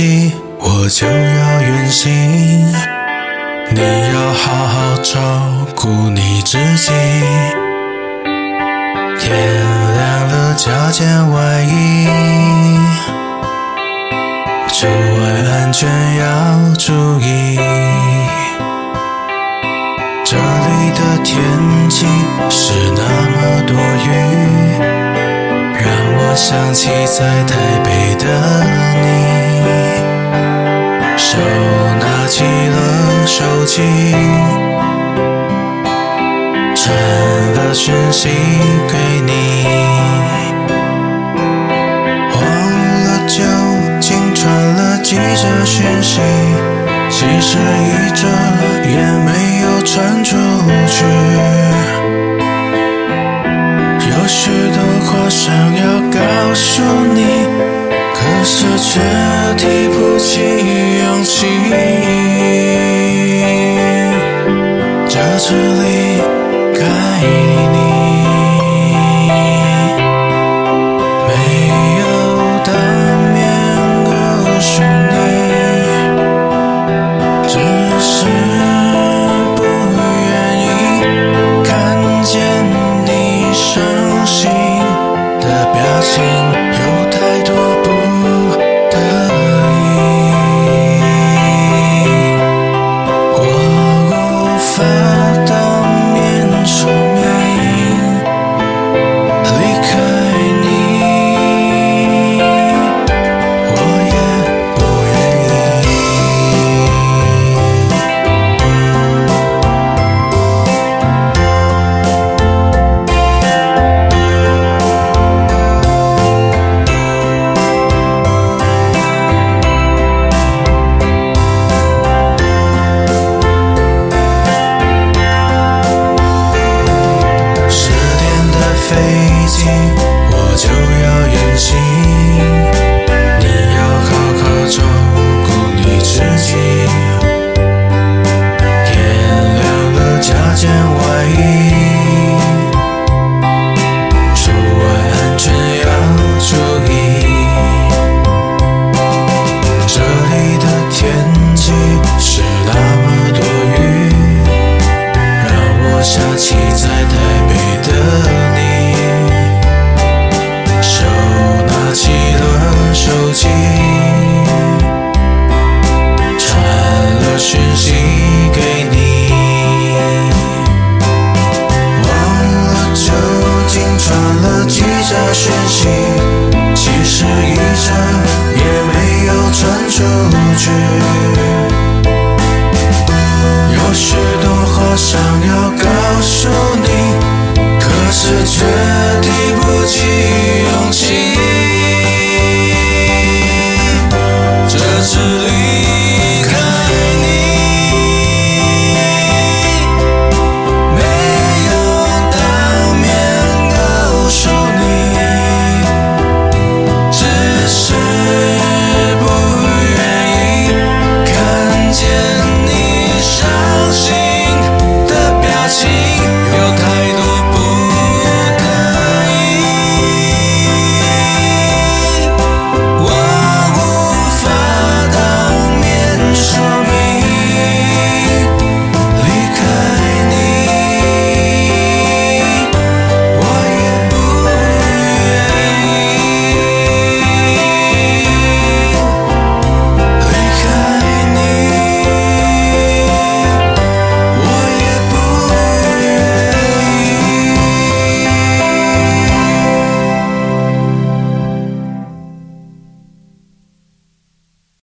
我就要遠行，你要好好照顧你自己。天涼了，加件外衣。出外安全要注意。這裡的天氣是那麼多雨，讓我想起在台北的你。手拿起了手機，傳了訊息給你。忘了究竟傳了幾則訊息，其實一則也沒有傳出去。有許多話想要告訴你，可是卻……訊息給你，忘了究竟傳了幾則訊息，其實一則也沒有傳出去，有許多話想要告訴你，可是卻。